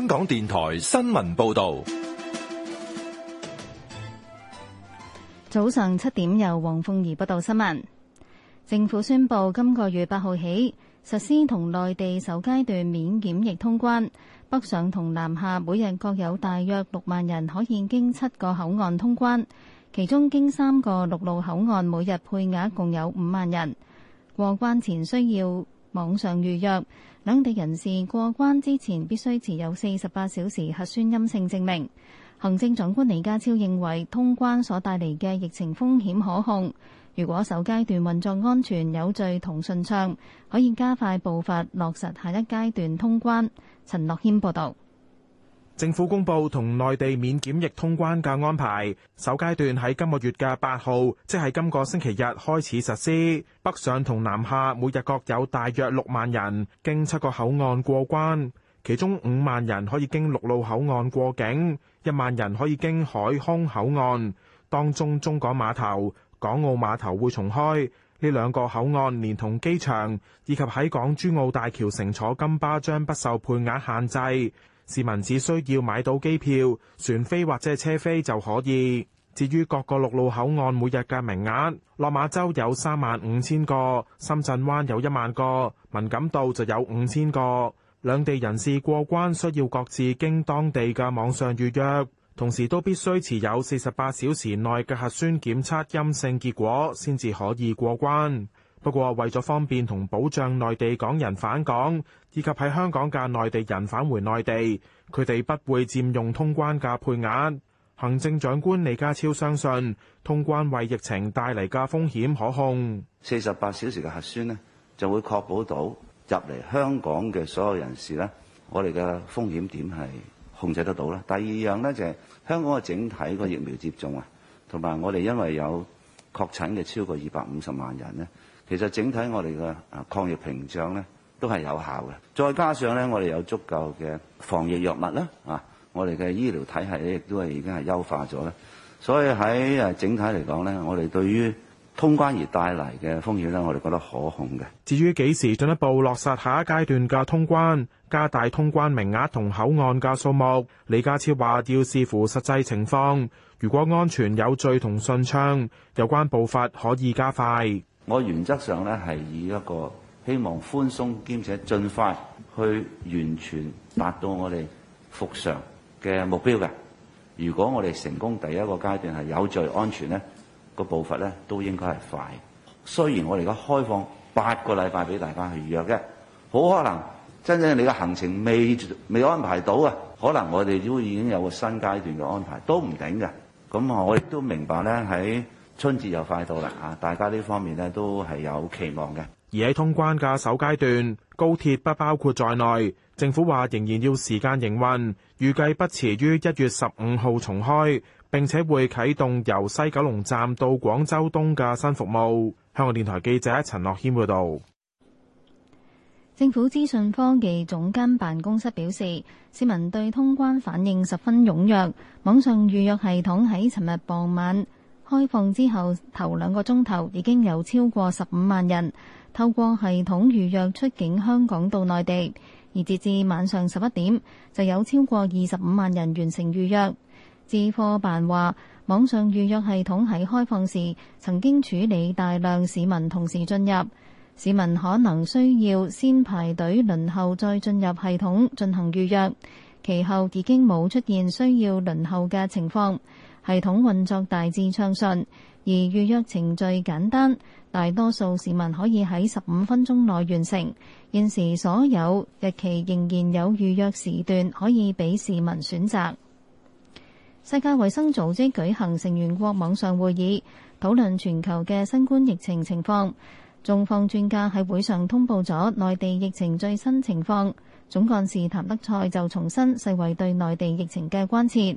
香港電台新聞報道，早上七點由黃鳳儀報道新聞。政府宣布今個月八號起實施同內地首階段免檢疫通關，北上同南下每日各有大約六萬人可以經七個口岸通關，其中經三個陸路口岸每日配額共有五萬人。過關前需要網上預約。兩地人士過關之前必須持有四十八小時核酸陰性證明。行政長官李家超認為，通關所帶嚟嘅疫情風險可控。如果首階段運作安全、有序同順暢，可以加快步伐落實下一階段通關。陳樂軒報道。政府公布同內地免檢疫通關嘅安排，首階段喺今個月嘅八號，即係今個星期日開始實施。北上同南下每日各有大約六萬人經七個口岸過關，其中五萬人可以經陸路口岸過境，一萬人可以經海空口岸。當中，中港碼頭、港澳碼頭會重開，呢兩個口岸連同機場以及喺港珠澳大橋乘坐金巴將不受配額限制。市民只需要買到機票、船飛或者車飛就可以。至於各個陸路口岸每日嘅名額，落馬洲有三萬五千個，深圳灣有一萬個，文錦渡就有五千個。兩地人士過關需要各自經當地嘅網上預約，同時都必須持有四十八小時內嘅核酸檢測陰性結果，先至可以過關。不過，為咗方便同保障內地港人返港，以及喺香港嘅內地人返回內地，佢哋不會佔用通關嘅配額。行政長官李家超相信，通關為疫情帶嚟嘅風險可控。四十八小時嘅核酸呢，就會確保到入嚟香港嘅所有人士呢，我哋嘅風險點係控制得到啦。第二樣呢，就係香港嘅整體個疫苗接種啊，同埋我哋因為有確診嘅超過二百五十萬人呢。其實整體我哋嘅啊抗疫屏障咧都係有效嘅，再加上咧，我哋有足夠嘅防疫藥物啦啊！我哋嘅醫療體系亦都係已經係優化咗啦，所以喺誒整體嚟講咧，我哋對於通關而帶嚟嘅風險咧，我哋覺得可控嘅。至於幾時進一步落實下一階段嘅通關，加大通關名額同口岸嘅數目，李家超話要視乎實際情況。如果安全有序同順暢，有關步伐可以加快。我原則上咧係以一個希望寬鬆兼且盡快去完全達到我哋復常嘅目標嘅。如果我哋成功第一個階段係有序安全咧，個步伐咧都應該係快。雖然我哋而家開放八個禮拜俾大家去預約嘅，好可能真正你嘅行程未未安排到啊，可能我哋都已經有個新階段嘅安排，都唔頂嘅。咁啊，我亦都明白咧喺。春節又快到啦！大家呢方面都係有期望嘅。而喺通關嘅首階段，高鐵不包括在內。政府話仍然要時間營運，預計不遲於一月十五號重開。並且會啟動由西九龍站到廣州東嘅新服務。香港電台記者陳樂軒報導。政府資訊科技總監辦公室表示，市民對通關反應十分踴躍，網上預約系統喺尋日傍晚。開放之後頭兩個鐘頭已經有超過十五萬人透過系統預約出境香港到內地，而截至，至晚上十一點，就有超過二十五萬人完成預約。資科辦話，網上預約系統喺開放時曾經處理大量市民同時進入，市民可能需要先排隊輪候再進入系統進行預約，其後已經冇出現需要輪候嘅情況。系統運作大致暢順，而預約程序簡單，大多數市民可以喺十五分鐘內完成。現時所有日期仍然有預約時段可以俾市民選擇。世界衛生組織舉行成員國網上會議，討論全球嘅新冠疫情情況。中方專家喺會上通報咗內地疫情最新情況。總幹事譚德塞就重申世衛對內地疫情嘅關切。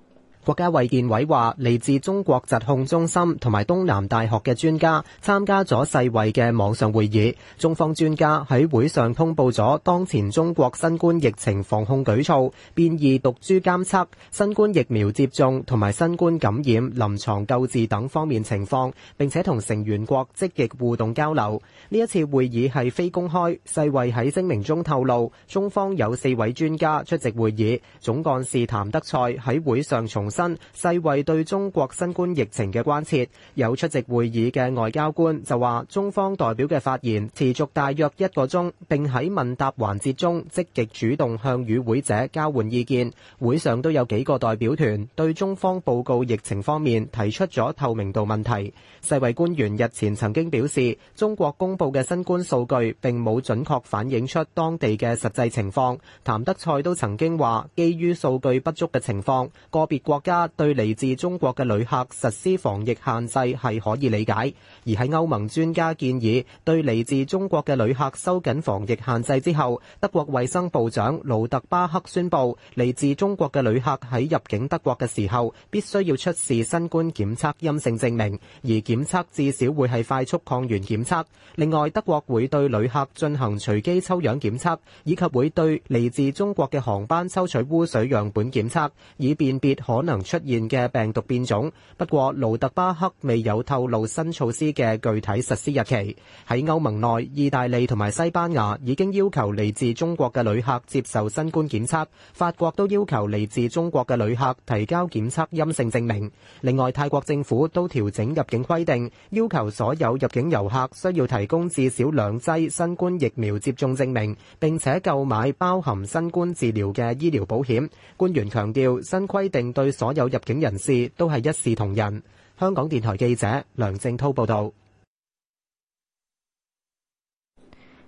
國家衛健委話，嚟自中國疾控中心同埋東南大學嘅專家參加咗世衛嘅網上會議。中方專家喺會上通報咗當前中國新冠疫情防控舉措、變異毒株監測、新冠疫苗接種同埋新冠感染臨床救治等方面情況，並且同成員國積極互動交流。呢一次會議係非公開。世衛喺聲明中透露，中方有四位專家出席會議。總幹事譚德塞喺會上重。新世衛對中國新冠疫情嘅關切，有出席會議嘅外交官就話，中方代表嘅發言持續大約一個鐘，並喺問答環節中積極主動向與會者交換意見。會上都有幾個代表團對中方報告疫情方面提出咗透明度問題。世衛官員日前曾經表示，中國公佈嘅新冠數據並冇準確反映出當地嘅實際情況。譚德塞都曾經話，基於數據不足嘅情況，個別國家對嚟自中國嘅旅客實施防疫限制係可以理解，而喺歐盟專家建議對嚟自中國嘅旅客收緊防疫限制之後，德國衛生部長魯特巴克宣佈，嚟自中國嘅旅客喺入境德國嘅時候必須要出示新冠檢測陰性證明，而檢測至少會係快速抗原檢測，另外，德國會對旅客進行隨機抽樣檢測，以及會對嚟自中國嘅航班抽取污水樣本檢測，以辨別可能。能出現嘅病毒變種，不過盧特巴克未有透露新措施嘅具體實施日期。喺歐盟內，意大利同埋西班牙已經要求嚟自中國嘅旅客接受新冠檢測，法國都要求嚟自中國嘅旅客提交檢測陰性證明。另外，泰國政府都調整入境規定，要求所有入境遊客需要提供至少兩劑新冠疫苗接種證明，並且購買包含新冠治療嘅醫療保險。官員強調，新規定對。所有入境人士都係一視同仁。香港電台記者梁正滔報道。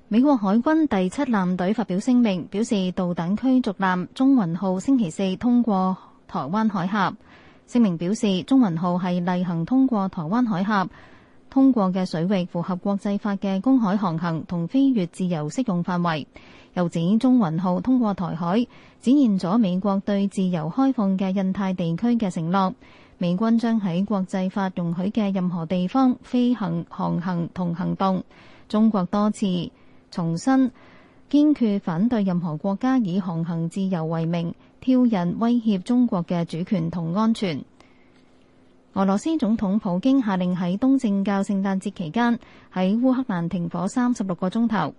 美國海軍第七艦隊發表聲明，表示導彈驅逐艦中雲號星期四通過台灣海峽。聲明表示，中雲號係例行通過台灣海峽，通過嘅水域符合國際法嘅公海航行同飛越自由適用範圍。又指中雲號通過台海，展現咗美國對自由開放嘅印太地區嘅承諾。美軍將喺國際法容許嘅任何地方飛行、航行同行動。中國多次重申，堅決反對任何國家以航行自由為名挑釁威脅中國嘅主權同安全。俄羅斯總統普京下令喺東正教聖誕節期間喺烏克蘭停火三十六個鐘頭。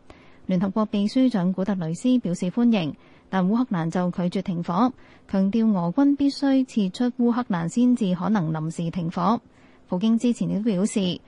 聯合國秘書長古特雷斯表示歡迎，但烏克蘭就拒絕停火，強調俄軍必須撤出烏克蘭先至可能臨時停火。普京之前亦都表示，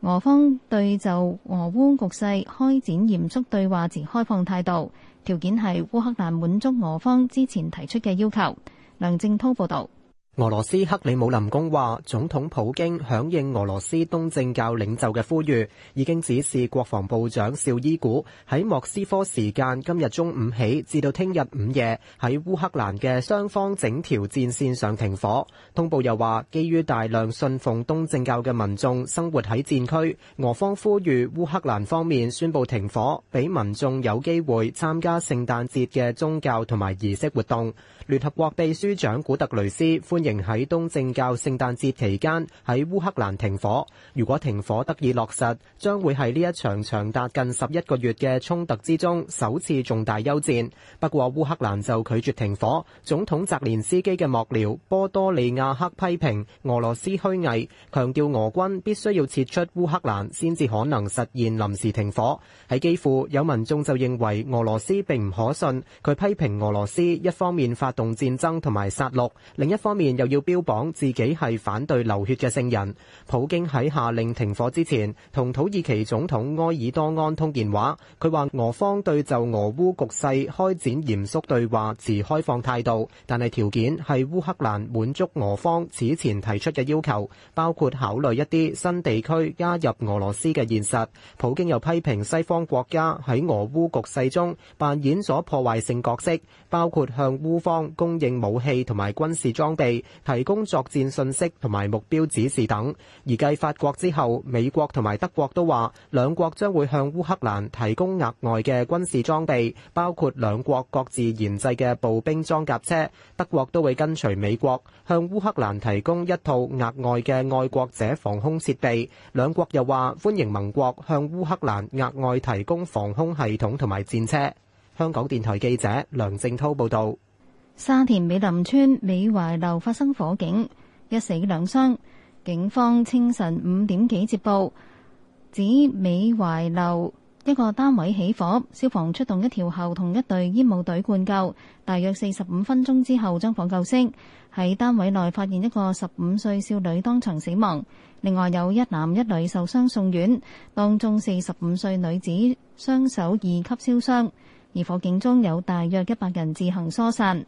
俄方對就俄烏局勢開展嚴肅對話持開放態度，條件係烏克蘭滿足俄方之前提出嘅要求。梁正濤報道。俄羅斯克里姆林宮話，總統普京響應俄羅斯東正教領袖嘅呼籲，已經指示國防部長紹伊古喺莫斯科時間今日中午起至到聽日午夜喺烏克蘭嘅雙方整條戰線上停火。通報又話，基於大量信奉東正教嘅民眾生活喺戰區，俄方呼籲烏克蘭方面宣布停火，俾民眾有機會參加聖誕節嘅宗教同埋儀式活動。聯合國秘書長古特雷斯歡。仍喺東正教聖誕節期間喺烏克蘭停火，如果停火得以落實，將會係呢一場長達近十一個月嘅衝突之中首次重大休戰。不過烏克蘭就拒絕停火，總統澤連斯基嘅幕僚波多利亞克批評俄羅斯虛偽，強調俄軍必須要撤出烏克蘭先至可能實現臨時停火。喺基輔有民眾就認為俄羅斯並唔可信，佢批評俄羅斯一方面發動戰爭同埋殺戮，另一方面，又要標榜自己係反對流血嘅聖人。普京喺下令停火之前，同土耳其總統埃爾多安通電話，佢話俄方對就俄烏局勢開展嚴肅對話持開放態度，但係條件係烏克蘭滿足俄方此前提出嘅要求，包括考慮一啲新地區加入俄羅斯嘅現實。普京又批評西方國家喺俄烏局勢中扮演咗破壞性角色，包括向烏方供應武器同埋軍事裝備。提供作戰信息同埋目標指示等，而繼法國之後，美國同埋德國都話，兩國將會向烏克蘭提供額外嘅軍事裝備，包括兩國各自研製嘅步兵裝甲車，德國都會跟隨美國向烏克蘭提供一套額外嘅愛國者防空設備，兩國又話歡迎盟國向烏克蘭額外提供防空系統同埋戰車，香港電台記者梁正濤報道。沙田美林村美懷樓發生火警，一死兩傷。警方清晨五點幾接報，指美懷樓一個單位起火，消防出動一條喉同一隊煙帽隊灌救，大約四十五分鐘之後將火救熄。喺單位內發現一個十五歲少女當場死亡，另外有一男一女受傷送院。當中四十五歲女子雙手二級燒傷，而火警中有大約一百人自行疏散。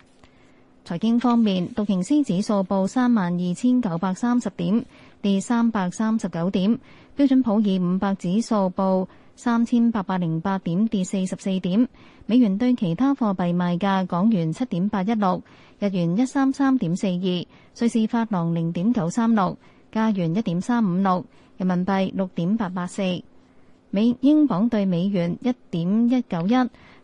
財經方面，道瓊斯指數報三萬二千九百三十點，跌三百三十九點；標準普爾五百指數報三千八百零八點，跌四十四點。美元對其他貨幣賣價：港元七點八一六，日元一三三點四二，瑞士法郎零點九三六，加元一點三五六，人民幣六點八八四，美英鎊對美元一點一九一，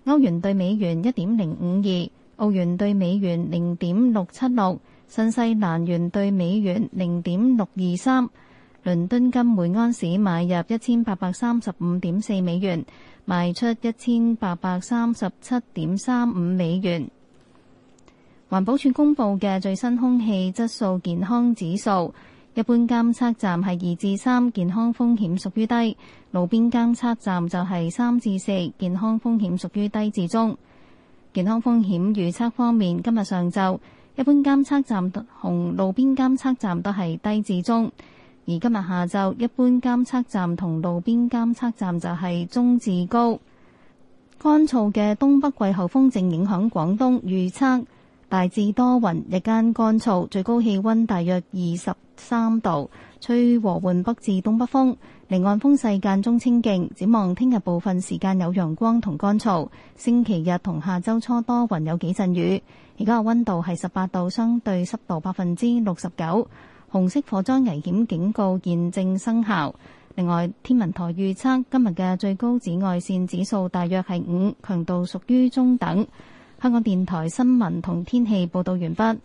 歐元對美元一點零五二。澳元兌美元零點六七六，新西蘭元兌美元零點六二三，倫敦金每安士買入一千八百三十五點四美元，賣出一千八百三十七點三五美元。環保署公布嘅最新空氣質素健康指數，一般監測站係二至三，健康風險屬於低；路邊監測站就係三至四，健康風險屬於低至中。健康風險預測方面，今日上晝一般監測站同路邊監測站都係低至中，而今日下晝一般監測站同路邊監測站就係中至高。乾燥嘅東北季候風正影響廣東，預測大致多雲，日間乾燥，最高氣溫大約二十三度。吹和緩北至東北風，離岸風勢間中清勁，展望聽日部分時間有陽光同乾燥。星期日同下周初多雲有幾陣雨。而家嘅溫度係十八度，相對濕度百分之六十九。紅色火災危險警告現正生效。另外，天文台預測今日嘅最高紫外線指數大約係五，強度屬於中等。香港電台新聞同天氣報道完畢。